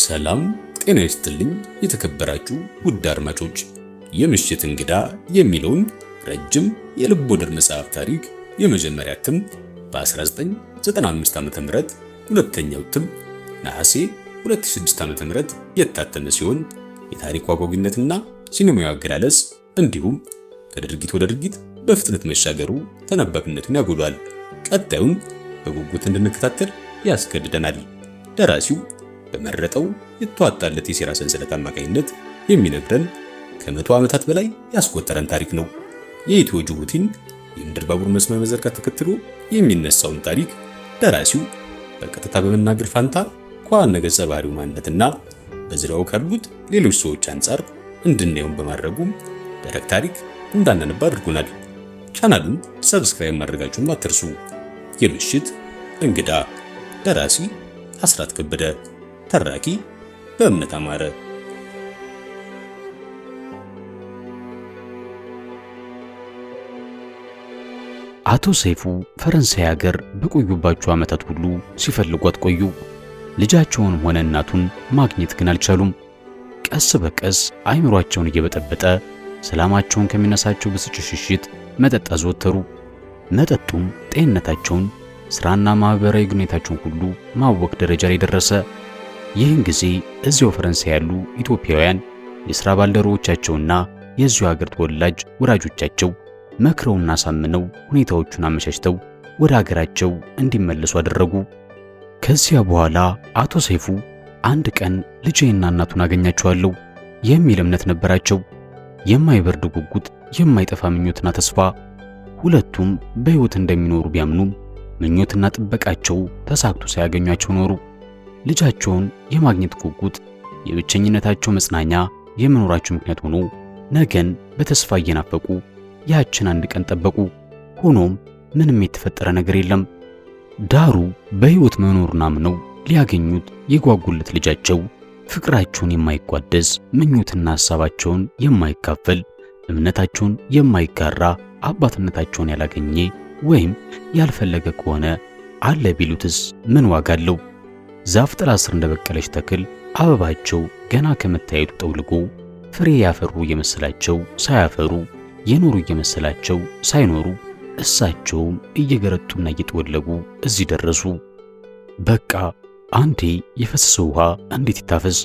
ሰላም ጤና ይስጥልኝ የተከበራችሁ ውድ አድማጮች፣ የምሽት እንግዳ የሚለውን ረጅም የልብ ወለድ መጽሐፍ ታሪክ የመጀመሪያ እትም በ1995 ዓ.ም ሁለተኛው እትም ነሐሴ ዓ ዓ.ም የታተመ ሲሆን የታሪኩ አጓጊነትና ሲኒማዊ አገላለጽ እንዲሁም ከድርጊት ወደ ድርጊት በፍጥነት መሻገሩ ተነባቢነቱን ያጎሏል። ቀጣዩን በጉጉት እንድንከታተል ያስገድደናል። ደራሲው በመረጠው የተዋጣለት የሴራ ሰንሰለት አማካኝነት የሚነግረን ከመቶ ዓመታት በላይ ያስቆጠረን ታሪክ ነው። የኢትዮ ጅቡቲን የምድር ባቡር መስመር መዘርጋት ተከትሎ የሚነሳውን ታሪክ ደራሲው በቀጥታ በመናገር ፋንታ ከዋነ ገጸ ባህሪው ማንነትና በዙሪያው ካሉት ሌሎች ሰዎች አንጻር እንድናየውን በማድረጉ ደረቅ ታሪክ እንዳናነባ አድርጎናል። ቻናሉን ሰብስክራይብ ማድረጋችሁን አትርሱ። የምሽት እንግዳ ደራሲ አስራት ከበደ ተራኪ በእምነት አማረ አቶ ሰይፉ ፈረንሳይ ሀገር በቆዩባቸው ዓመታት ሁሉ ሲፈልጓት ቆዩ። ልጃቸውንም ሆነ እናቱን ማግኘት ግን አልቻሉም። ቀስ በቀስ አይምሯቸውን እየበጠበጠ ሰላማቸውን ከሚነሳቸው ብስጭ ሽሽት መጠጥ አዘወተሩ። መጠጡም ጤንነታቸውን፣ ስራና ማህበራዊ ግንኙነታቸውን ሁሉ ማወቅ ደረጃ ላይ ደረሰ። ይህን ጊዜ እዚያው ፈረንሳይ ያሉ ኢትዮጵያውያን የሥራ ባልደረቦቻቸውና የዚሁ ሀገር ተወላጅ ወዳጆቻቸው መክረውና አሳምነው ሁኔታዎቹን አመቻችተው ወደ ሀገራቸው እንዲመለሱ አደረጉ። ከዚያ በኋላ አቶ ሰይፉ አንድ ቀን ልጄና እናቱን አገኛቸዋለሁ የሚል እምነት ነበራቸው። የማይበርድ ጉጉት፣ የማይጠፋ ምኞትና ተስፋ ሁለቱም በሕይወት እንደሚኖሩ ቢያምኑም ምኞትና ጥበቃቸው ተሳክቶ ሳያገኟቸው ኖሩ። ልጃቸውን የማግኘት ጉጉት የብቸኝነታቸው መጽናኛ የመኖራቸው ምክንያት ሆኖ ነገን በተስፋ እየናፈቁ ያችን አንድ ቀን ጠበቁ። ሆኖም ምንም የተፈጠረ ነገር የለም። ዳሩ በሕይወት መኖሩን አምነው ሊያገኙት የጓጉለት ልጃቸው ፍቅራቸውን የማይቋደስ ምኞትና ሐሳባቸውን የማይካፈል እምነታቸውን የማይጋራ አባትነታቸውን ያላገኘ ወይም ያልፈለገ ከሆነ አለ ቢሉትስ ምን ዋጋ አለው? ዛፍ ጥላ ስር እንደበቀለች ተክል አበባቸው ገና ከመታየቱ ጠውልጎ ፍሬ ያፈሩ እየመሰላቸው ሳያፈሩ የኖሩ እየመሰላቸው ሳይኖሩ እሳቸውም እየገረጡና እየጠወለጉ እዚህ ደረሱ። በቃ አንዴ የፈሰሰ ውሃ እንዴት ይታፈስ?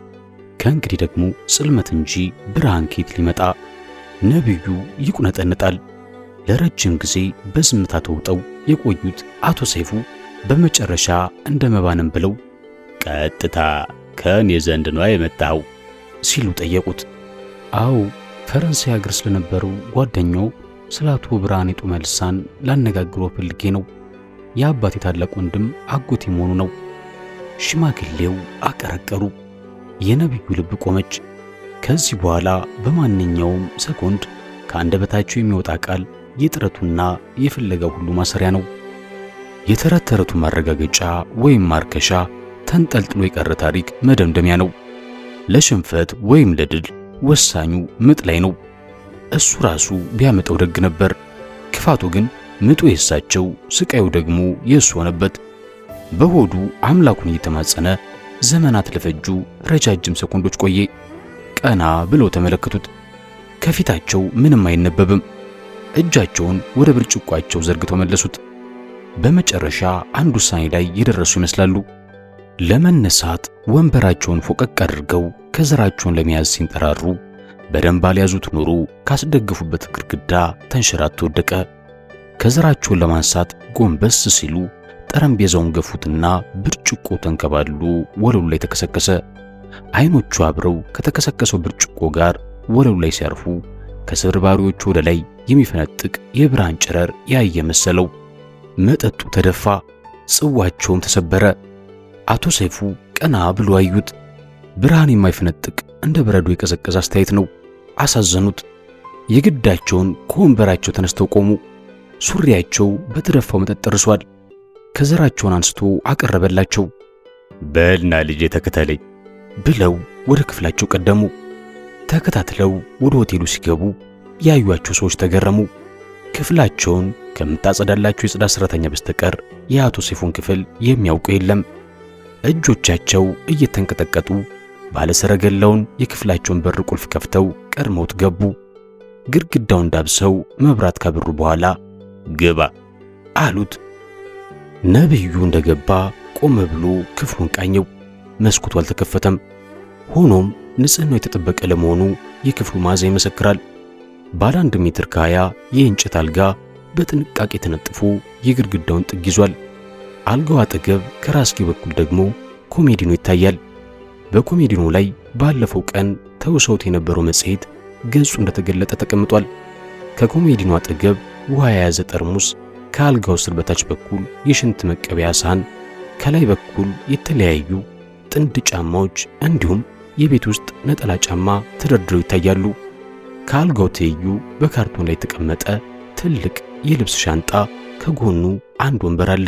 ከእንግዲህ ደግሞ ጽልመት እንጂ ብርሃን ከየት ሊመጣ? ነቢዩ ይቁነጠነጣል። ለረጅም ጊዜ በዝምታ ተውጠው የቆዩት አቶ ሰይፉ በመጨረሻ እንደ መባንም ብለው ቀጥታ ከእኔ ዘንድ ነው የመጣው ሲሉ ጠየቁት። አው! ፈረንሳይ አገር ስለነበሩ ጓደኛው ስለ አቶ ብርሃኔ ጡመልሳን ላነጋግሮ ፈልጌ ነው። የአባቴ ታላቅ ወንድም አጎቴ መሆኑ ነው። ሽማግሌው አቀረቀሩ። የነቢዩ ልብ ቆመች። ከዚህ በኋላ በማንኛውም ሰኮንድ ከአንደበታቸው የሚወጣ ቃል የጥረቱና የፍለጋው ሁሉ ማሰሪያ ነው። የተረት ተረቱ ማረጋገጫ ወይም ማርከሻ ተንጠልጥሎ የቀረ ታሪክ መደምደሚያ ነው። ለሽንፈት ወይም ለድል ወሳኙ ምጥ ላይ ነው። እሱ ራሱ ቢያመጣው ደግ ነበር። ክፋቱ ግን ምጡ የእሳቸው ስቃዩ ደግሞ የእሱ ሆነበት። በሆዱ አምላኩን እየተማጸነ ዘመናት ለፈጁ ረጃጅም ሰኮንዶች ቆየ። ቀና ብለው ተመለከቱት። ከፊታቸው ምንም አይነበብም። እጃቸውን ወደ ብርጭቋቸው ዘርግተው መለሱት። በመጨረሻ አንድ ውሳኔ ላይ የደረሱ ይመስላሉ። ለመነሳት ወንበራቸውን ፎቀቅ አድርገው ከዘራቸውን ለመያዝ ሲንጠራሩ በደንብ አልያዙት ኖሮ ካስደግፉበት ግድግዳ ተንሸራቶ ወደቀ። ከዘራቸውን ለማንሳት ጎንበስ ሲሉ ጠረጴዛውን ገፉትና ብርጭቆ ተንከባሉ ወለሉ ላይ ተከሰከሰ። አይኖቹ አብረው ከተከሰከሰው ብርጭቆ ጋር ወለሉ ላይ ሲያርፉ ከስብርባሪዎቹ ወደ ላይ የሚፈነጥቅ የብርሃን ጨረር ያየ መሰለው። መጠጡ ተደፋ፣ ጽዋቸውም ተሰበረ። አቶ ሰይፉ ቀና ብሎ አዩት። ብርሃን የማይፈነጥቅ እንደ በረዶ የቀዘቀዘ አስተያየት ነው። አሳዘኑት። የግዳቸውን ከወንበራቸው ተነስተው ቆሙ። ሱሪያቸው በተደፋው መጠጥ ርሷል። ከዘራቸውን አንስቶ አቀረበላቸው። በልና ልጄ ተከተለኝ ብለው ወደ ክፍላቸው ቀደሙ። ተከታትለው ወደ ሆቴሉ ሲገቡ ያዩዋቸው ሰዎች ተገረሙ። ክፍላቸውን ከምታጸዳላቸው የጽዳት ሰራተኛ በስተቀር የአቶ ሰይፉን ክፍል የሚያውቀው የለም። እጆቻቸው እየተንቀጠቀጡ ባለሰረገላውን የክፍላቸውን በር ቁልፍ ከፍተው ቀድመውት ገቡ። ግድግዳውን ዳብሰው መብራት ካበሩ በኋላ ግባ አሉት። ነብዩ እንደገባ ቆመ ብሎ ክፍሉን ቃኘው። መስኮቱ አልተከፈተም። ሆኖም ንጽህናው የተጠበቀ ለመሆኑ የክፍሉ ማዛ ይመሰክራል። ባለ አንድ ሜትር ከሃያ የእንጨት አልጋ በጥንቃቄ ተነጥፎ የግድግዳውን ጥግ ይዟል። አልጋው አጠገብ ከራስጌ በኩል ደግሞ ኮሜዲኖ ይታያል። በኮሜዲኖ ላይ ባለፈው ቀን ተውሰውት የነበረው መጽሔት ገጹ እንደተገለጠ ተቀምጧል። ከኮሜዲኖ አጠገብ ውሃ የያዘ ጠርሙስ፣ ከአልጋው ስር በታች በኩል የሽንት መቀበያ ሳህን፣ ከላይ በኩል የተለያዩ ጥንድ ጫማዎች እንዲሁም የቤት ውስጥ ነጠላ ጫማ ተደርድረው ይታያሉ። ከአልጋው ትይዩ በካርቶን ላይ የተቀመጠ ትልቅ የልብስ ሻንጣ፣ ከጎኑ አንድ ወንበር አለ።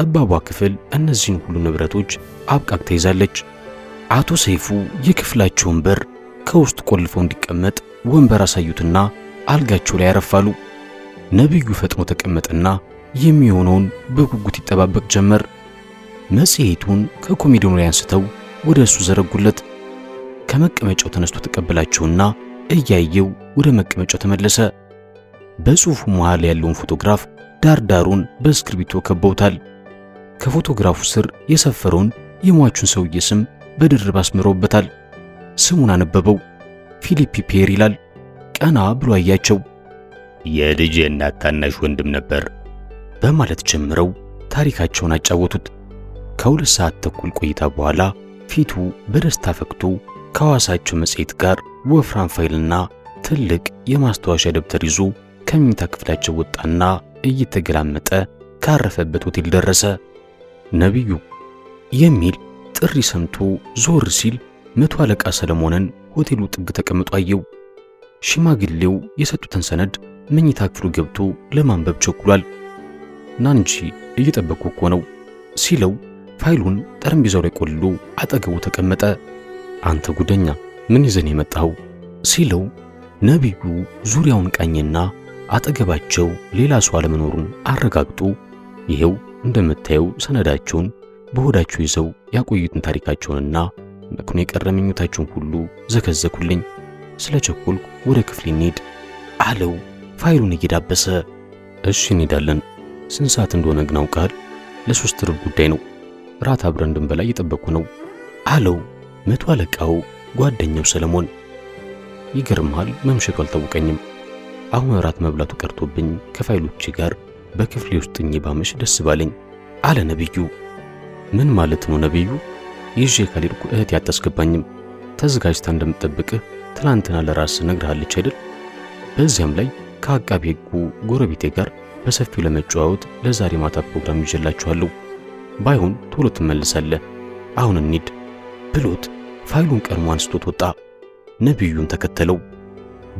ጠባቧ ክፍል እነዚህን ሁሉ ንብረቶች አብቃቅ ይዛለች። አቶ ሰይፉ የክፍላቸውን በር ከውስጥ ቆልፈው እንዲቀመጥ ወንበር አሳዩትና አልጋቸው ላይ ያረፋሉ። ነቢዩ ፈጥኖ ተቀመጠና የሚሆነውን በጉጉት ይጠባበቅ ጀመር። መጽሔቱን ከኮሜዲኑ ላይ አንስተው ወደ እሱ ዘረጉለት። ከመቀመጫው ተነስቶ ተቀበላቸውና እያየው ወደ መቀመጫው ተመለሰ። በጽሑፉ መሃል ያለውን ፎቶግራፍ ዳርዳሩን በእስክርቢቶ ከበውታል። ከፎቶግራፉ ስር የሰፈረውን የሟቹን ሰውዬ ስም በድርብ አስምሮበታል። ስሙን አነበበው። ፊሊፕ ፔር ይላል። ቀና ብሎ አያቸው። የልጄ እናት ታናሽ ወንድም ነበር በማለት ጀምረው ታሪካቸውን አጫወቱት። ከሁለት ሰዓት ተኩል ቆይታ በኋላ ፊቱ በደስታ ፈክቶ ከሐዋሳቸው መጽሔት ጋር ወፍራም ፋይልና ትልቅ የማስታወሻ ደብተር ይዞ ከመኝታ ክፍላቸው ወጣና እየተገላመጠ ካረፈበት ሆቴል ደረሰ። ነቢዩ የሚል ጥሪ ሰምቶ ዞር ሲል መቶ አለቃ ሰለሞንን ሆቴሉ ጥግ ተቀምጦ አየው። ሽማግሌው የሰጡትን ሰነድ መኝታ ክፍሉ ገብቶ ለማንበብ ቸኩሏል። ና እንጂ እኮ ነው ሲለው ፋይሉን ጠረጴዛው ላይ ቆልሎ አጠገቡ ተቀመጠ። አንተ ጉደኛ ምን ይዘን የመጣኸው? ሲለው ነቢዩ ዙሪያውን ቃኝና አጠገባቸው ሌላ ሰው አለመኖሩን አረጋግጦ ይኸው እንደምታየው ሰነዳቸውን በሆዳቸው ይዘው ያቆዩትን ታሪካቸውንና መክኖ የቀረ ሁሉ ዘከዘኩልኝ። ስለ ቸኮልኩ ወደ ክፍሌ እንሄድ አለው ፋይሉን እየዳበሰ። እሺ እንሄዳለን። ስንት ሰዓት እንደሆነ ግን አውቃል? ለሶስት ርብ ጉዳይ ነው። ራት አብረን እንድንበላ እየጠበቅኩ ነው አለው መቶ አለቃው ጓደኛው ሰለሞን። ይገርምሃል መምሸቱ አልታወቀኝም። አሁን ራት መብላቱ ቀርቶብኝ ከፋይሎቼ ጋር በክፍሌ ውስጥ እኚህ ባመሽ ደስ ባለኝ አለ ነብዩ። ምን ማለት ነው ነብዩ ይዤ ካልሄድኩ እህቴ አታስገባኝም። ተዘጋጅታ እንደምጠብቅህ ትናንትና ለራስ ነግርሃለች አይደል? በዚያም ላይ ከአቃቤ ሕጉ ጎረቤቴ ጋር በሰፊው ለመጨዋወት ለዛሬ ማታ ፕሮግራም ይዤላችኋለሁ። ባይሆን ቶሎ ትመልሳለህ። አሁን እንሂድ ብሎት ፋይሉን ቀድሞ አንስቶት ወጣ። ነብዩም ተከተለው።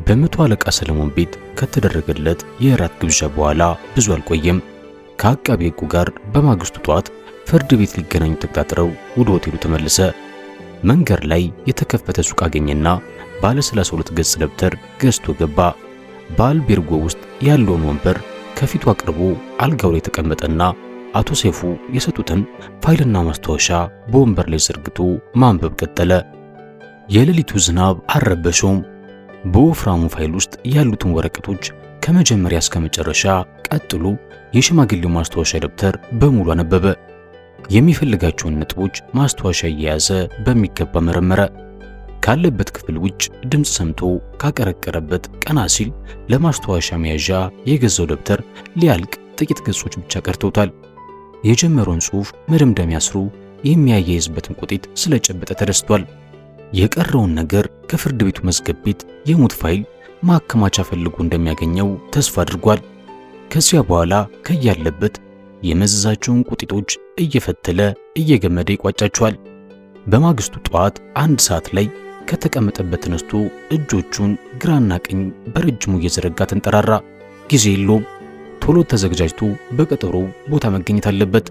በመቶ አለቃ ሰለሞን ቤት ከተደረገለት የእራት ግብዣ በኋላ ብዙ አልቆየም። ከአቃቤ ሕጉ ጋር በማግስቱ ጠዋት ፍርድ ቤት ሊገናኙ ተቀጣጥረው ወደ ሆቴሉ ተመለሰ። መንገድ ላይ የተከፈተ ሱቅ አገኘና ባለ 32 ገጽ ደብተር ገዝቶ ገባ። በአልቤርጎ ውስጥ ያለውን ወንበር ከፊቱ አቅርቦ አልጋው ላይ ተቀመጠና አቶ ሰይፉ የሰጡትን ፋይልና ማስታወሻ በወንበር ላይ ዘርግቶ ማንበብ ቀጠለ። የሌሊቱ ዝናብ አረበሸውም። በወፍራሙ ፋይል ውስጥ ያሉትን ወረቀቶች ከመጀመሪያ እስከ መጨረሻ፣ ቀጥሎ የሽማግሌው ማስታወሻ ደብተር በሙሉ አነበበ። የሚፈልጋቸውን ነጥቦች ማስታወሻ እየያዘ በሚገባ መረመረ። ካለበት ክፍል ውጭ ድምፅ ሰምቶ ካቀረቀረበት ቀና ሲል ለማስታወሻ መያዣ የገዛው ደብተር ሊያልቅ ጥቂት ገጾች ብቻ ቀርተውታል። የጀመረውን ጽሑፍ መደምደሚያ ስሩ የሚያያይዝበትን ቁጤት ስለጨበጠ ተደስቷል። የቀረውን ነገር ከፍርድ ቤቱ መዝገብ ቤት የሞት ፋይል ማከማቻ ፈልጎ እንደሚያገኘው ተስፋ አድርጓል። ከዚያ በኋላ ከያለበት የመዘዛቸውን ቁጢጦች እየፈተለ እየገመደ ይቋጫቸዋል። በማግስቱ ጠዋት አንድ ሰዓት ላይ ከተቀመጠበት ተነስቶ እጆቹን ግራና ቀኝ በረጅሙ እየዘረጋ ተንጠራራ። ጊዜ የለውም። ቶሎ ተዘግጃጅቶ በቀጠሮ ቦታ መገኘት አለበት።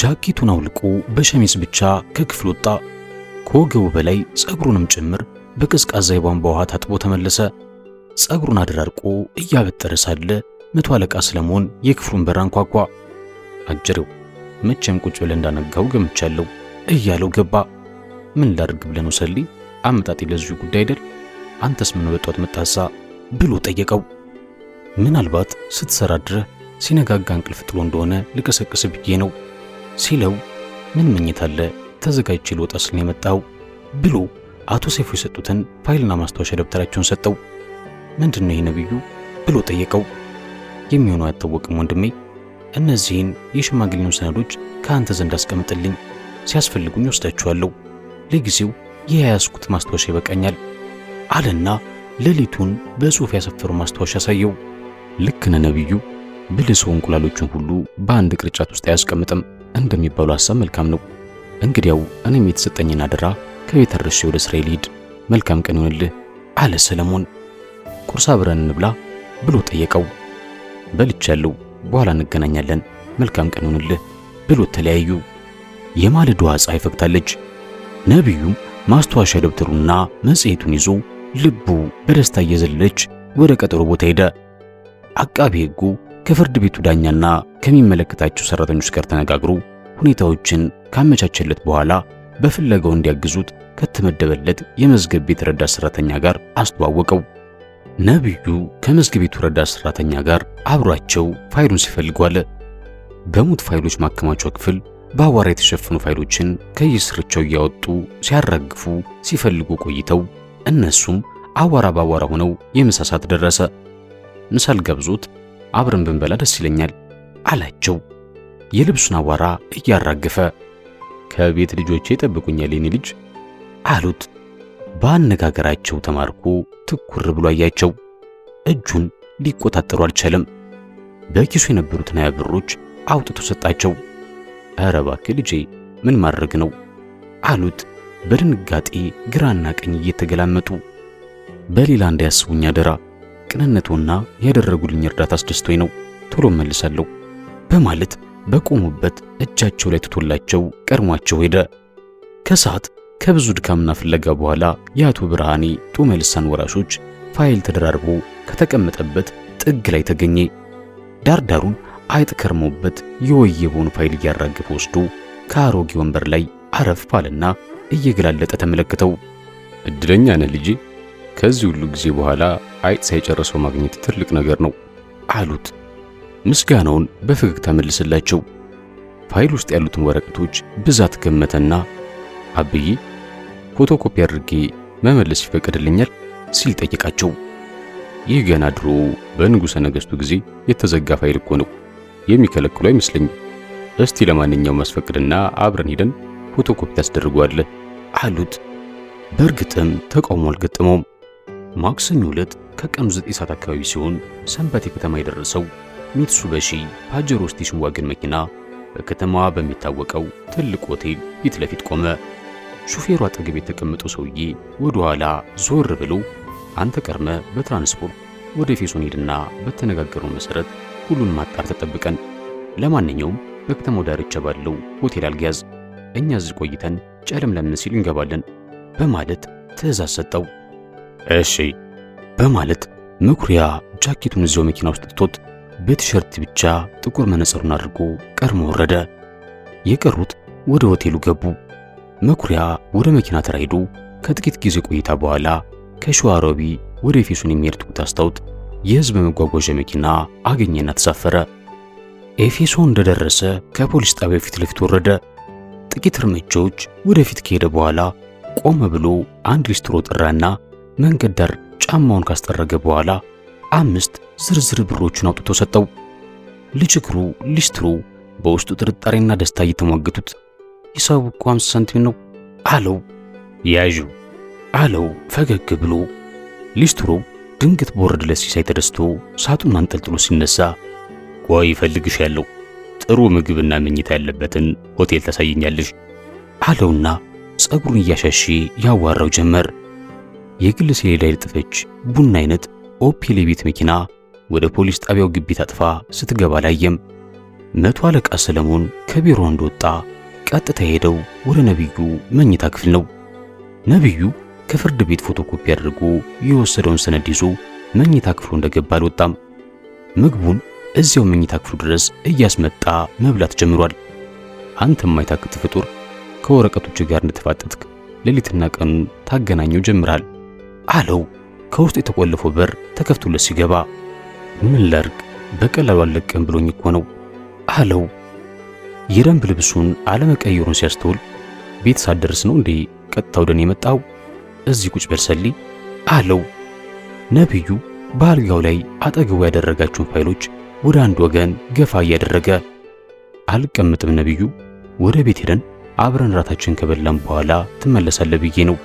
ጃኬቱን አውልቆ በሸሚዝ ብቻ ከክፍል ወጣ። ከወገቡ በላይ ጸጉሩንም ጭምር በቀዝቃዛ የቧንቧ ውሃ ታጥቦ ተመለሰ። ጸጉሩን አደራርቆ እያበጠረ ሳለ መቶ አለቃ ሰለሞን የክፍሉን በር አንኳኳ። አጀሬው መቼም ቁጭ ብለ እንዳነጋው ገምቻለሁ እያለው ገባ። ምን ላድርግ ብለህ ነው ሰሊ? አመጣጤ ለዚሁ ጉዳይ አይደል? አንተስ ምን በጧት መጣሳ? ብሎ ጠየቀው። ምናልባት ስትሰራ ድረህ ሲነጋጋ እንቅልፍ ጥሎ እንደሆነ ልቀሰቅስ ብዬ ነው ሲለው ምን አለ ተዘጋጅ ሎ ጠስልን የመጣው ብሎ አቶ ሰይፉ የሰጡትን ፋይልና ማስታወሻ ደብተራቸውን ሰጠው። ምንድን ነው ይህ ነብዩ ብሎ ጠየቀው። የሚሆነው አይታወቅም ወንድሜ፣ እነዚህን የሽማግሌውን ሰነዶች ከአንተ ዘንድ አስቀምጥልኝ፣ ሲያስፈልጉኝ ወስዳችኋለሁ። ለጊዜው የያዝኩት ማስታወሻ ይበቃኛል አለና ሌሊቱን በጽሑፍ ያሰፈሩ ማስታወሻ አሳየው። ልክ ነህ ነብዩ፣ ብልህ ሰው እንቁላሎችን ሁሉ በአንድ ቅርጫት ውስጥ አያስቀምጥም እንደሚባሉ ሐሳብ መልካም ነው። እንግዲያው እኔም የተሰጠኝን አደራ ከቤት አድርሼ ወደ ስራዬ ልሂድ፣ መልካም ቀን ይሆንልህ አለ ሰለሞን። ቁርስ አብረን እንብላ ብሎ ጠየቀው። በልቻለሁ፣ በኋላ እንገናኛለን፣ መልካም ቀን ይሆንልህ ብሎ ተለያዩ። የማለዳዋ ፀሐይ ፈክታለች። ነቢዩም ማስታወሻ ደብተሩና መጽሔቱን ይዞ ልቡ በደስታ እየዘለለች ወደ ቀጠሮ ቦታ ሄደ። አቃቤ ሕጉ ከፍርድ ቤቱ ዳኛና ከሚመለከታቸው ሰራተኞች ጋር ተነጋግሮ ሁኔታዎችን ካመቻቸለት በኋላ በፍለጋው እንዲያግዙት ከተመደበለት የመዝገብ ቤት ረዳት ሰራተኛ ጋር አስተዋወቀው። ነቢዩ ከመዝገብ ቤቱ ረዳት ሰራተኛ ጋር አብሯቸው ፋይሉን ሲፈልጉ አለ። በሙት ፋይሎች ማከማቻው ክፍል በአቧራ የተሸፈኑ ፋይሎችን ከየስርቻው እያወጡ ሲያራግፉ ሲፈልጉ ቆይተው እነሱም አዋራ በአዋራ ሆነው የምሳሳት ደረሰ። ምሳል ጋብዞት አብረን ብንበላ ደስ ይለኛል አላቸው። የልብሱን አቧራ እያራገፈ ከቤት ልጆቼ ይጠብቁኛል የኔ ልጅ አሉት። በአነጋገራቸው ተማርኮ ትኩር ብሎ አያቸው። እጁን ሊቆጣጠሩ አልቻለም። በኪሱ የነበሩትን ሀያ ብሮች አውጥቶ ሰጣቸው። እረ እባክህ ልጄ ምን ማድረግ ነው አሉት በድንጋጤ ግራና ቀኝ እየተገላመጡ። በሌላ እንዳያስቡኝ አደራ፣ ቅንነቶና ያደረጉልኝ እርዳታ አስደስቶኝ ነው፣ ቶሎ መልሳለሁ በማለት በቆሙበት እጃቸው ላይ ትቶላቸው ቀድሟቸው ሄደ። ከሰዓት ከብዙ ድካምና ፍለጋ በኋላ የአቶ ብርሃኔ ጡመልሳን ወራሾች ፋይል ተደራርቦ ከተቀመጠበት ጥግ ላይ ተገኘ። ዳርዳሩን አይጥ ከርሞበት የወየበውን ፋይል እያራገፈ ወስዶ ከአሮጌ ወንበር ላይ አረፍ አለና እየገላለጠ ተመለከተው። እድለኛ ነህ ልጄ፣ ከዚህ ሁሉ ጊዜ በኋላ አይጥ ሳይጨርሰው ማግኘት ትልቅ ነገር ነው አሉት። ምስጋናውን በፈገግታ መልስላቸው። ፋይል ውስጥ ያሉትን ወረቀቶች ብዛት ገመተና አብዬ ፎቶኮፒ አድርጌ መመለስ ይፈቀድልኛል ሲል ጠየቃቸው። ይህ ገና ድሮ በንጉሠ ነገሥቱ ጊዜ የተዘጋ ፋይል እኮ ነው የሚከለክሉ አይመስለኝም። እስቲ ለማንኛውም አስፈቅድና አብረን ሂደን ፎቶኮፒ ታስደርገዋለህ አሉት። በእርግጥም ተቃውሞ አልገጠመውም። ማክሰኞ ዕለት ከቀኑ ዘጠኝ ሰዓት አካባቢ ሲሆን ሰንበቴ ከተማ የደረሰው ሚትሱበሺ ፓጀሮ ዋገን መኪና በከተማዋ በሚታወቀው ትልቅ ሆቴል ፊት ለፊት ቆመ። ሹፌሩ አጠገብ የተቀመጠው ሰውዬ ወደ ኋላ ዞር ብሎ አንተ ቀርመ በትራንስፖርት ወደ ፌሶን ሄድና በተነጋገረው መሰረት ሁሉን ማጣር ተጠብቀን፣ ለማንኛውም በከተማው ዳርቻ ባለው ሆቴል አልጋያዝ እኛ እዚህ ቆይተን ለምን ሲል እንገባለን በማለት ትዕዛዝ ሰጠው። እሺ በማለት መኩሪያ ጃኬቱን እዚያው መኪና ውስጥ ትቶት በቲሸርት ብቻ ጥቁር መነጽሩን አድርጎ ቀድሞ ወረደ። የቀሩት ወደ ሆቴሉ ገቡ። መኩሪያ ወደ መኪና ተራይዶ ከጥቂት ጊዜ ቆይታ በኋላ ከሸዋሮቢ ወደ ኤፌሶን የሚሄድ ትኩት አስታውት የህዝብ መጓጓዣ መኪና አገኘና ተሳፈረ። ኤፌሶን እንደደረሰ ከፖሊስ ጣቢያው ፊት ለፊት ወረደ። ጥቂት እርምጃዎች ወደፊት ከሄደ በኋላ ቆመ ብሎ አንድ ሪስትሮ ጠራና መንገድ ዳር ጫማውን ካስጠረገ በኋላ አምስት ዝርዝር ብሮቹን አውጥቶ ሰጠው። ልጅግሩ ሊስትሩ በውስጡ ጥርጣሬና ደስታ እየተሟገቱት ሂሳቡ እኮ 50 ሳንቲም ነው አለው። ያዡ አለው ፈገግ ብሎ። ሊስትሮ ድንገት በወረደለት ሲሳይ ተደስቶ ሳጡን አንጠልጥሎ ሲነሳ ቆይ ያለው ጥሩ ምግብና መኝታ ያለበትን ሆቴል ታሳየኛለሽ አለውና ጸጉሩን እያሻሼ ያዋራው ጀመር። የግል ሰሌዳ ይጥፈች ቡና አይነት ኦፔል የቤት መኪና ወደ ፖሊስ ጣቢያው ግቢ ታጥፋ ስትገባ ላየም። መቶ አለቃ ሰለሞን ከቢሮ እንደወጣ ቀጥታ ሄደው ወደ ነብዩ መኝታ ክፍል ነው። ነብዩ ከፍርድ ቤት ፎቶኮፒ አድርጎ የወሰደውን ሰነድ ይዞ መኝታ ክፍሉ እንደገባ አልወጣም። ምግቡን እዚያው መኝታ ክፍሉ ድረስ እያስመጣ መብላት ጀምሯል። አንተ የማይታክት ፍጡር ከወረቀቶች ጋር እንደተፋጠጥክ ሌሊትና ቀኑን ታገናኘው ጀምራል አለው። ከውስጥ የተቆለፈው በር ተከፍቶለት ሲገባ ምን ላርግ በቀላሉ አለቅም ብሎኝ እኮ ነው አለው። የደንብ ልብሱን አለመቀየሩን ሲያስተውል ቤት ሳደርስ ነው እንዴ ቀጥታ ወደ እኔ የመጣው? እዚህ ቁጭ በርሰሊ አለው። ነቢዩ በአልጋው ላይ አጠገቡ ያደረጋቸውን ፋይሎች ወደ አንድ ወገን ገፋ እያደረገ አልቀምጥም ነቢዩ፣ ወደ ቤት ሄደን አብረን ራታችን ከበላም በኋላ ትመለሳለህ ብዬ ነው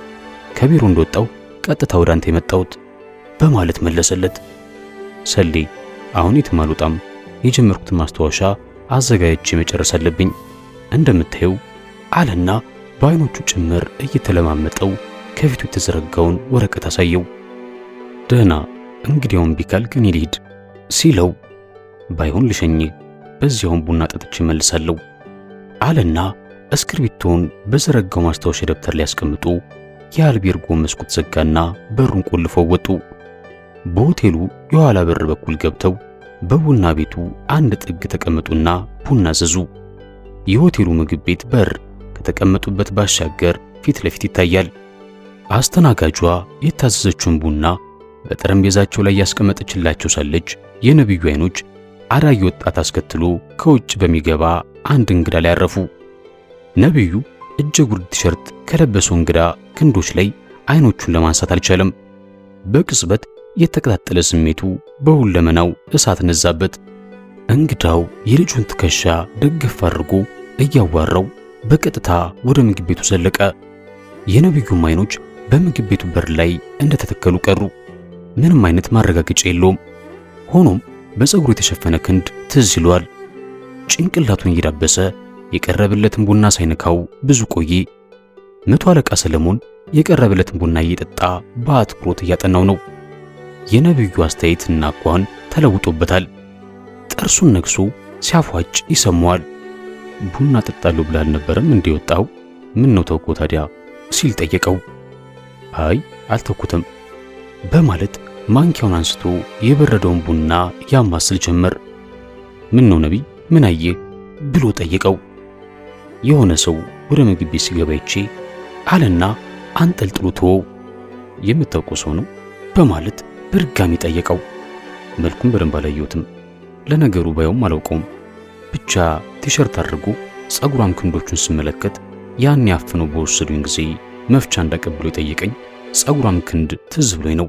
ከቢሮ እንደወጣው ቀጥታ ወደ አንተ የመጣሁት በማለት መለሰለት። ሰሌ አሁን የትም አልወጣም። የጀመርኩትን ማስታወሻ አዘጋጅቼ መጨረስ አለብኝ። እንደምታየው አለና በአይኖቹ ጭምር እየተለማመጠው ከፊቱ የተዘረጋውን ወረቀት አሳየው። ደህና እንግዲያውን ቢካል ግን ይልሂድ ሲለው ባይሆን ልሸኝ በዚያውን ቡና ጠጥቼ እመልሳለሁ አለና እስክርቢቶውን በዘረጋው ማስታወሻ ደብተር ላይ ያስቀምጡ። የአልቤርጎ መስኮት ዘጋና በሩን ቆልፈው ወጡ። በሆቴሉ የኋላ በር በኩል ገብተው በቡና ቤቱ አንድ ጥግ ተቀመጡና ቡና አዘዙ። የሆቴሉ ምግብ ቤት በር ከተቀመጡበት ባሻገር ፊት ለፊት ይታያል። አስተናጋጇ የታዘዘችውን ቡና በጠረጴዛቸው ላይ ያስቀመጠችላቸው ሳለች የነቢዩ አይኖች አዳጊ ወጣት አስከትሎ ከውጭ በሚገባ አንድ እንግዳ ላይ አረፉ። ነቢዩ እጀ ጉርድ ቲሸርት ከለበሰው እንግዳ ክንዶች ላይ አይኖቹን ለማንሳት አልቻለም። በቅጽበት የተቀጣጠለ ስሜቱ በሁለመናው እሳት ነዛበት። እንግዳው የልጁን ትከሻ ደገፍ አድርጎ እያዋራው በቀጥታ ወደ ምግብ ቤቱ ዘለቀ። የነቢዩም አይኖች በምግብ ቤቱ በር ላይ እንደተተከሉ ቀሩ። ምንም አይነት ማረጋገጫ የለውም። ሆኖም በፀጉሩ የተሸፈነ ክንድ ትዝ ይሏል። ጭንቅላቱን እየዳበሰ የቀረበለትን ቡና ሳይነካው ብዙ ቆየ። መቶ አለቃ ሰለሞን የቀረበለትን ቡና እየጠጣ በአትኩሮት እያጠናው ነው። የነቢዩ እና አኳኋን ተለውጦበታል። ጥርሱን ነክሶ ሲያፏጭ ይሰማዋል። ቡና ጠጣሉ ብላ አልነበረም እንዲወጣው ምን ነው ተውኮ ታዲያ ሲል ጠየቀው። አይ አልተውኩትም በማለት ማንኪያውን አንስቶ የበረደውን ቡና ያማስል ጀመር። ምን ነው ነቢይ ምን አየህ ብሎ ጠየቀው። የሆነ ሰው ወደ ምግብ ቤት ሲገባ ይቼ አለና አንጠልጥሎ ተወው። የምታውቀው ሰው ነው በማለት በድጋሚ ጠየቀው። መልኩን በደንብ አላየሁትም። ለነገሩ ባየውም አላውቀውም። ብቻ ቲሸርት አድርጎ ጸጉሯም ክንዶቹን ስመለከት ያን ያፍነው በወሰዱኝ ጊዜ መፍቻ እንዳቀብሎ የጠየቀኝ ጸጉሯም ክንድ ትዝ ብሎኝ ነው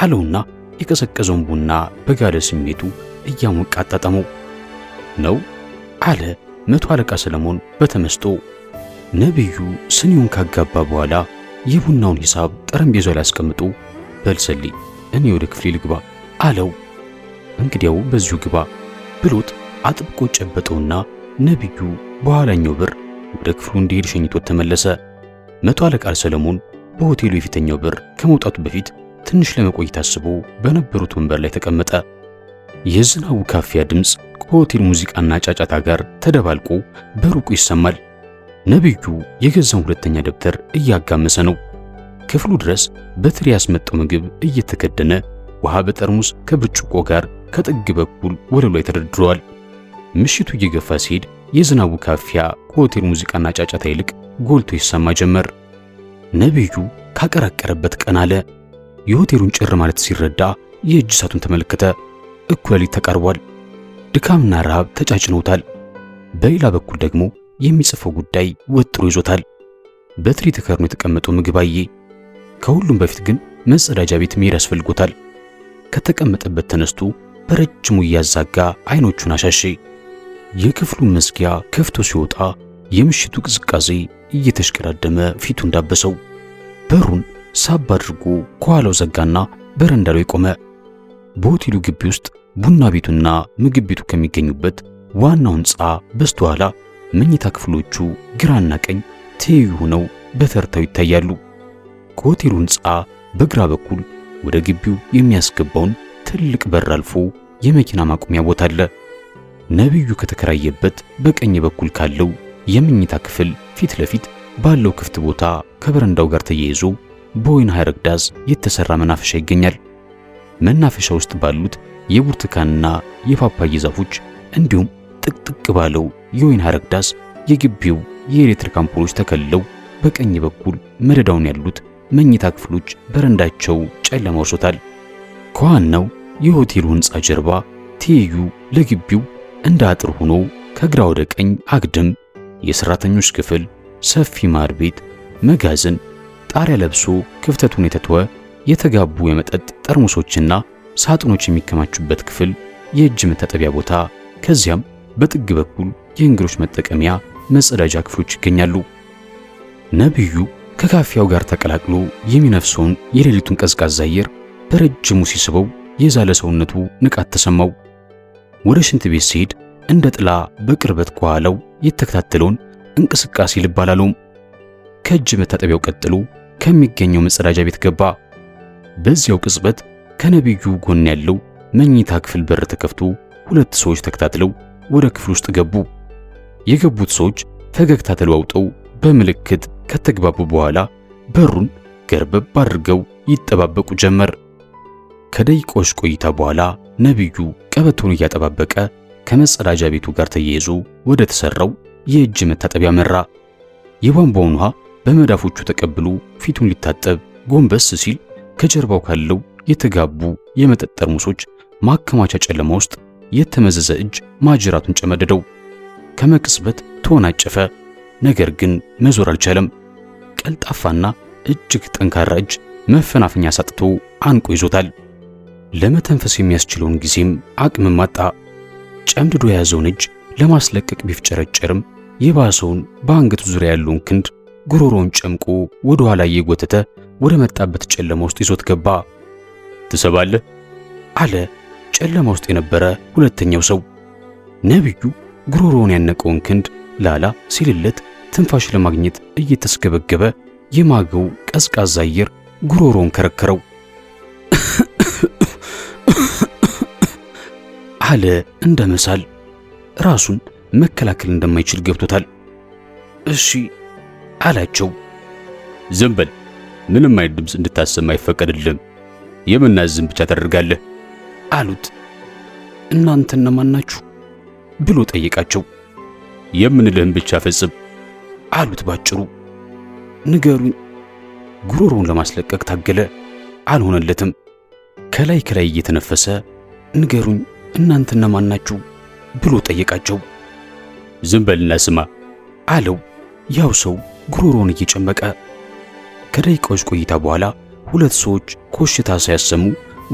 አለውና የቀዘቀዘውን ቡና በጋለ ስሜቱ እያሞቀ አጣጠመው። ነው አለ መቶ አለቃ ሰለሞን በተመስጦ። ነቢዩ ስኒውን ካጋባ በኋላ የቡናውን ሂሳብ ጠረጴዛው ላይ አስቀምጦ በልሰልኝ እኔ ወደ ክፍሌ ልግባ አለው። እንግዲያው በዚሁ ግባ ብሎት አጥብቆ ጨበጠውና ነቢዩ በኋላኛው በር ወደ ክፍሉ እንዲሄድ ሸኝቶት ተመለሰ። መቶ አለቃ ሰለሞን በሆቴሉ የፊተኛው በር ከመውጣቱ በፊት ትንሽ ለመቆየት አስቦ በነበሩት ወንበር ላይ ተቀመጠ። የዝናቡ ካፊያ ድምፅ ከሆቴል ሙዚቃና ጫጫታ ጋር ተደባልቆ በሩቁ ይሰማል። ነቢዩ የገዛውን ሁለተኛ ደብተር እያጋመሰ ነው። ክፍሉ ድረስ በትሪ ያስመጣው ምግብ እየተከደነ ውሃ በጠርሙስ ከብርጭቆ ጋር ከጥግ በኩል ወለሉ ላይ ተደርድሯል። ምሽቱ እየገፋ ሲሄድ የዝናቡ ካፊያ ከሆቴል ሙዚቃና ጫጫታ ይልቅ ጎልቶ ይሰማ ጀመር። ነቢዩ ካቀረቀረበት ቀን አለ። የሆቴሉን ጭር ማለት ሲረዳ የእጅ ሰዓቱን ተመለከተ። እኩለ ሌሊት ተቃርቧል። ድካምና ረሃብ ተጫጭነውታል። በሌላ በኩል ደግሞ የሚጽፈው ጉዳይ ወጥሮ ይዞታል። በትሪ ተከርኖ የተቀመጠው ምግብ አየ። ከሁሉም በፊት ግን መጸዳጃ ቤት መሄድ ያስፈልጎታል። ከተቀመጠበት ተነስቶ በረጅሙ እያዛጋ አይኖቹን አሻሼ የክፍሉን መዝጊያ ከፍቶ ሲወጣ የምሽቱ ቅዝቃዜ እየተሽቀዳደመ ፊቱ እንዳበሰው በሩን ሳብ አድርጎ ከኋላው ዘጋና በረንዳ ላይ ቆመ። በሆቴሉ ግቢ ውስጥ ቡና ቤቱና ምግብ ቤቱ ከሚገኙበት ዋናው ሕንፃ በስተኋላ መኝታ ክፍሎቹ ግራና ቀኝ ትይዩ ሆነው በተርታው ይታያሉ። ከሆቴሉ ሕንፃ በግራ በኩል ወደ ግቢው የሚያስገባውን ትልቅ በር አልፎ የመኪና ማቆሚያ ቦታ አለ። ነብዩ ከተከራየበት በቀኝ በኩል ካለው የመኝታ ክፍል ፊት ለፊት ባለው ክፍት ቦታ ከበረንዳው ጋር ተያይዞ በወይን ሐረግ ዳስ የተሰራ መናፈሻ ይገኛል። መናፈሻ ውስጥ ባሉት የብርቱካንና የፓፓይ ዛፎች እንዲሁም ጥቅጥቅ ባለው የወይን ሐረግ ዳስ የግቢው የኤሌክትሪክ አምፖሎች ተከልለው በቀኝ በኩል መደዳውን ያሉት መኝታ ክፍሎች በረንዳቸው ጨለማ ወርሶታል። ከዋናው የሆቴሉ ሕንፃ ጀርባ ትይዩ ለግቢው እንደ አጥር ሆኖ ከግራ ወደ ቀኝ አግድም የሰራተኞች ክፍል፣ ሰፊ ማር ቤት፣ መጋዘን፣ ጣሪያ ለብሶ ክፍተቱን የተተወ የተጋቡ የመጠጥ ጠርሙሶችና ሳጥኖች የሚከማቹበት ክፍል፣ የእጅ መታጠቢያ ቦታ፣ ከዚያም በጥግ በኩል የእንግዶች መጠቀሚያ መጸዳጃ ክፍሎች ይገኛሉ። ነብዩ ከካፊያው ጋር ተቀላቅሎ የሚነፍሰውን የሌሊቱን ቀዝቃዛ አየር በረጅሙ ሲስበው የዛለ ሰውነቱ ንቃት ተሰማው። ወደ ሽንት ቤት ሲሄድ እንደ ጥላ በቅርበት ከኋላው የተከታተለውን እንቅስቃሴ ልብ አላለውም። ከእጅ መታጠቢያው ቀጥሎ ከሚገኘው መጸዳጃ ቤት ገባ። በዚያው ቅጽበት ከነቢዩ ጎን ያለው መኝታ ክፍል በር ተከፍቶ ሁለት ሰዎች ተከታትለው ወደ ክፍል ውስጥ ገቡ። የገቡት ሰዎች ፈገግታ ተለዋውጠው በምልክት ከተግባቡ በኋላ በሩን ገርበብ አድርገው ይጠባበቁ ጀመር። ከደቂቆች ቆይታ በኋላ ነቢዩ ቀበቶን እያጠባበቀ ከመጸዳጃ ቤቱ ጋር ተያይዞ ወደ ተሰራው የእጅ መታጠቢያ መራ። የቧንቧውን ውሃ በመዳፎቹ ተቀብሎ ፊቱን ሊታጠብ ጎንበስ ሲል ከጀርባው ካለው የተጋቡ የመጠጥ ጠርሙሶች ማከማቻ ጨለማ ውስጥ የተመዘዘ እጅ ማጅራቱን ጨመደደው። ከመቅጽበት ተወናጨፈ። ነገር ግን መዞር አልቻለም። ቀልጣፋና እጅግ ጠንካራ እጅ መፈናፈኛ ሳጥቶ አንቆ ይዞታል። ለመተንፈስ የሚያስችለውን ጊዜም አቅምም አጣ። ጨምድዶ የያዘውን እጅ ለማስለቀቅ ቢፍጨረጨርም የባሰውን በአንገቱ ዙሪያ ያለውን ክንድ ጉሮሮውን ጨምቆ ወደ ኋላ እየጎተተ ወደ መጣበት ጨለማ ውስጥ ይዞት ገባ። ትሰባለህ አለ ጨለማ ውስጥ የነበረ ሁለተኛው ሰው። ነቢዩ ጉሮሮውን ያነቀውን ክንድ ላላ ሲልለት ትንፋሽ ለማግኘት እየተስገበገበ የማገው ቀዝቃዛ አየር ጉሮሮን ከረከረው። አለ እንደ መሳል። ራሱን መከላከል እንደማይችል ገብቶታል። እሺ አላቸው። ዝም በል፣ ምንም አይነት ድምፅ እንድታሰማ አይፈቀድልም። የምናዝም ብቻ ታደርጋለህ አሉት። እናንተ እነማን ናችሁ ብሎ ጠየቃቸው። የምንልህን ብቻ ፈጽም አሉት ባጭሩ። ንገሩኝ። ጉሮሮውን ለማስለቀቅ ታገለ፣ አልሆነለትም። ከላይ ከላይ እየተነፈሰ ንገሩኝ፣ እናንተ እነማን ናችሁ ብሎ ጠየቃቸው። ዝም በልና ስማ አለው ያው ሰው ጉሮሮውን እየጨመቀ። ከደቂቃዎች ቆይታ በኋላ ሁለት ሰዎች ኮሽታ ሳያሰሙ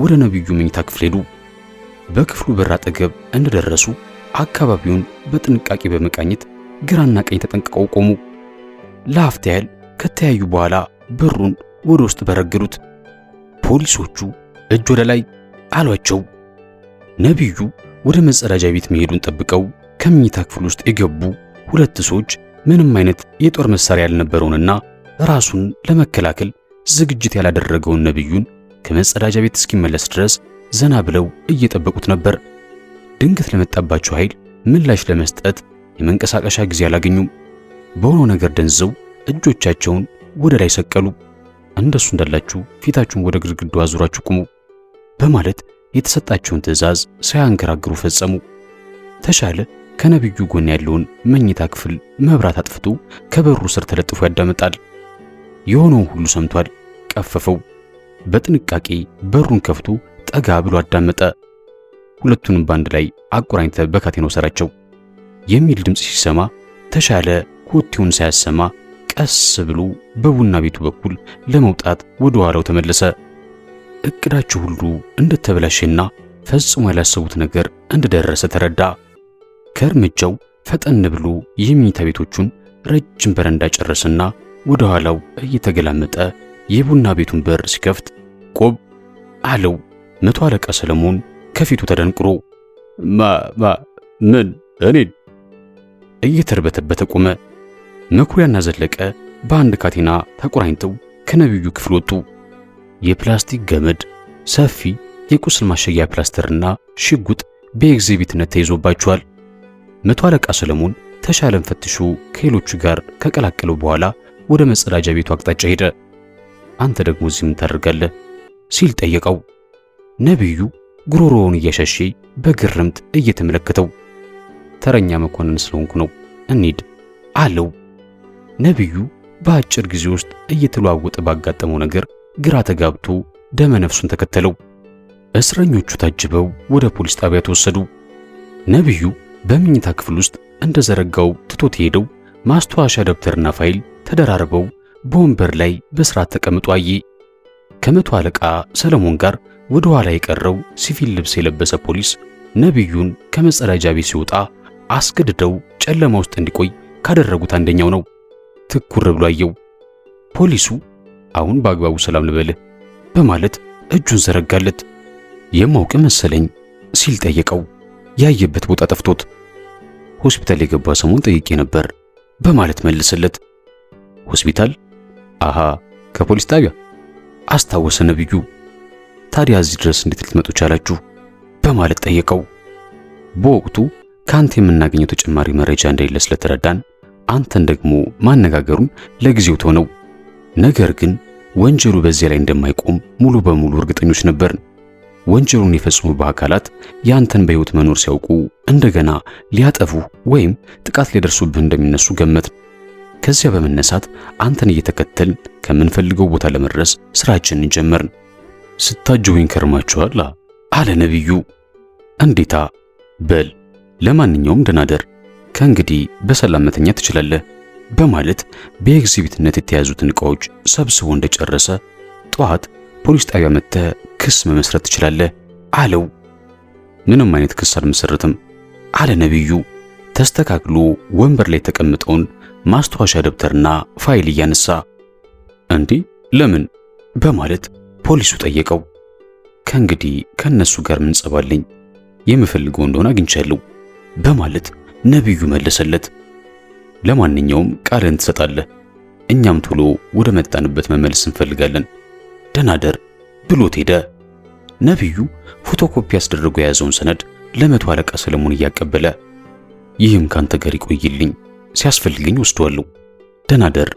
ወደ ነቢዩ መኝታ ክፍል ሄዱ። በክፍሉ በር አጠገብ እንደደረሱ አካባቢውን በጥንቃቄ በመቃኘት ግራና ቀኝ ተጠንቅቀው ቆሙ። ለአፍታ ያህል ከተያዩ በኋላ በሩን ወደ ውስጥ በረገዱት። ፖሊሶቹ እጅ ወደ ላይ አሏቸው። ነቢዩ ወደ መጸዳጃ ቤት መሄዱን ጠብቀው ከመኝታ ክፍል ውስጥ የገቡ ሁለት ሰዎች ምንም አይነት የጦር መሳሪያ ያልነበረውንና ራሱን ለመከላከል ዝግጅት ያላደረገውን ነቢዩን ከመጸዳጃ ቤት እስኪመለስ ድረስ ዘና ብለው እየጠበቁት ነበር። ድንገት ለመጣባቸው ኃይል ምላሽ ለመስጠት የመንቀሳቀሻ ጊዜ አላገኙም። በሆነው ነገር ደንዘው እጆቻቸውን ወደ ላይ ሰቀሉ። እንደሱ እንዳላችሁ ፊታችሁን ወደ ግድግዳው አዙራችሁ ቁሙ በማለት የተሰጣቸውን ትዕዛዝ ሳያንገራግሩ ፈጸሙ። ተሻለ ከነቢዩ ጎን ያለውን መኝታ ክፍል መብራት አጥፍቶ ከበሩ ስር ተለጥፎ ያዳምጣል። የሆነውን ሁሉ ሰምቷል። ቀፈፈው። በጥንቃቄ በሩን ከፍቶ ጠጋ ብሎ አዳመጠ። ሁለቱንም በአንድ ላይ አቆራኝተ በካቴኖ ሰራቸው። የሚል ድምፅ ሲሰማ ተሻለ ኮቴውን ሳያሰማ ቀስ ብሎ በቡና ቤቱ በኩል ለመውጣት ወደ ኋላው ተመለሰ። እቅዳቸው ሁሉ እንደተበላሸና ፈጽሞ ያላሰቡት ነገር እንደደረሰ ተረዳ። ከእርምጃው ፈጠን ብሎ የመኝታ ቤቶቹን ረጅም በረንዳ ጨረሰና ወደ ኋላው እየተገላመጠ የቡና ቤቱን በር ሲከፍት ቆብ አለው። መቶ አለቃ ሰለሞን ከፊቱ ተደንቅሮ ማ ማ ምን እኔን እየተርበተበተ ቆመ። መኩሪያና ዘለቀ በአንድ ካቴና ተቆራኝተው ከነቢዩ ክፍል ወጡ። የፕላስቲክ ገመድ፣ ሰፊ የቁስል ማሸጊያ ፕላስተርና ሽጉጥ በኤግዚቢትነት ተይዞባቸዋል። መቶ አለቃ ሰለሞን ተሻለን ፈትሹ ከሌሎቹ ጋር ከቀላቀለው በኋላ ወደ መጸዳጃ ቤቱ አቅጣጫ ሄደ። አንተ ደግሞ እዚህ ምን ታደርጋለህ? ሲል ጠየቀው። ነቢዩ ጉሮሮውን እያሻሼ በግርምት እየተመለከተው ተረኛ መኮንን ስለሆንኩ ነው እንሂድ አለው። ነቢዩ በአጭር ጊዜ ውስጥ እየተለዋወጠ ባጋጠመው ነገር ግራ ተጋብቶ ደመ ነፍሱን ተከተለው። እስረኞቹ ታጅበው ወደ ፖሊስ ጣቢያ ተወሰዱ። ነቢዩ በመኝታ ክፍል ውስጥ እንደዘረጋው ትቶት ሄደው ማስታወሻ ደብተርና ፋይል ተደራርበው በወንበር ላይ በስርዓት ተቀምጦ አየ። ከመቶ አለቃ ሰለሞን ጋር ወደ ኋላ የቀረው ሲቪል ልብስ የለበሰ ፖሊስ ነቢዩን ከመጸዳጃ ቤት ሲወጣ አስገድደው ጨለማ ውስጥ እንዲቆይ ካደረጉት አንደኛው ነው። ትኩር ብሎ አየው። ፖሊሱ አሁን በአግባቡ ሰላም ልበልህ በማለት እጁን ዘረጋለት። የማውቅ መሰለኝ ሲል ጠየቀው። ያየበት ቦታ ጠፍቶት ሆስፒታል የገባ ሰሞን ጠይቄ ነበር በማለት መልሰለት። ሆስፒታል? አሃ ከፖሊስ ጣቢያ አስታወሰ ነብዩ። ታዲያ እዚህ ድረስ እንዴት ልትመጡ ቻላችሁ? በማለት ጠየቀው። በወቅቱ ከአንተ የምናገኘው ተጨማሪ መረጃ እንደሌለ ስለተረዳን አንተን ደግሞ ማነጋገሩን ለጊዜው ተው ነገር ግን ወንጀሉ በዚያ ላይ እንደማይቆም ሙሉ በሙሉ እርግጠኞች ነበርን። ወንጀሉን የፈጸሙብህ አካላት ያንተን በህይወት መኖር ሲያውቁ እንደገና ሊያጠፉ ወይም ጥቃት ሊያደርሱብህ እንደሚነሱ ገመትን። ከዚያ በመነሳት አንተን እየተከተልን ከምንፈልገው ቦታ ለመድረስ ስራችንን ጀመርን። ስታጅቡኝ ከርማችኋል አለ ነቢዩ። እንዴታ! በል ለማንኛውም ደናደር ከእንግዲህ በሰላም መተኛት ትችላለህ በማለት በኤግዚቢትነት የተያዙትን ዕቃዎች ሰብስቦ እንደጨረሰ ጠዋት ፖሊስ ጣቢያ መጥተህ ክስ መመስረት ትችላለህ አለው። ምንም አይነት ክስ አልመሰረትም አለ ነቢዩ ተስተካክሎ ወንበር ላይ የተቀመጠውን ማስታወሻ ደብተርና ፋይል እያነሳ እንዲህ ለምን በማለት ፖሊሱ ጠየቀው። ከእንግዲህ ከነሱ ጋር ምን ጸባለኝ የምፈልገው እንደሆነ አግኝቻለሁ በማለት ነቢዩ መለሰለት፣ ለማንኛውም ቃልን ትሰጣለህ፣ እኛም ቶሎ ወደ መጣንበት መመለስ እንፈልጋለን፣ ደናደር ደር ብሎት ሄደ። ነቢዩ ፎቶኮፒ አስደርጎ የያዘውን ሰነድ ለመቶ አለቃ ሰለሞን እያቀበለ ይህም ካንተ ጋር ይቆይልኝ፣ ሲያስፈልገኝ ወስደዋለሁ፣ ደናደር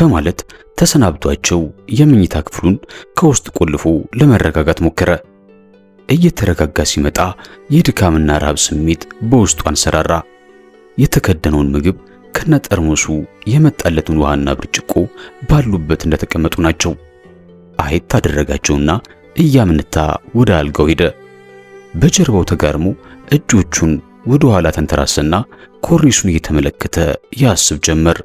በማለት ተሰናብቷቸው የመኝታ ክፍሉን ከውስጥ ቆልፎ ለመረጋጋት ሞከረ። እየተረጋጋ ሲመጣ የድካምና ረሃብ ስሜት በውስጡ አንሰራራ። የተከደነውን ምግብ ከነጠርሙሱ የመጣለትን ውሃና ብርጭቆ ባሉበት እንደተቀመጡ ናቸው። አየት ታደረጋቸውና እያምንታ ወደ አልጋው ሄደ። በጀርባው ተጋርሞ እጆቹን ወደ ኋላ ተንተራሰና ኮርኒሱን እየተመለከተ ያስብ ጀመር።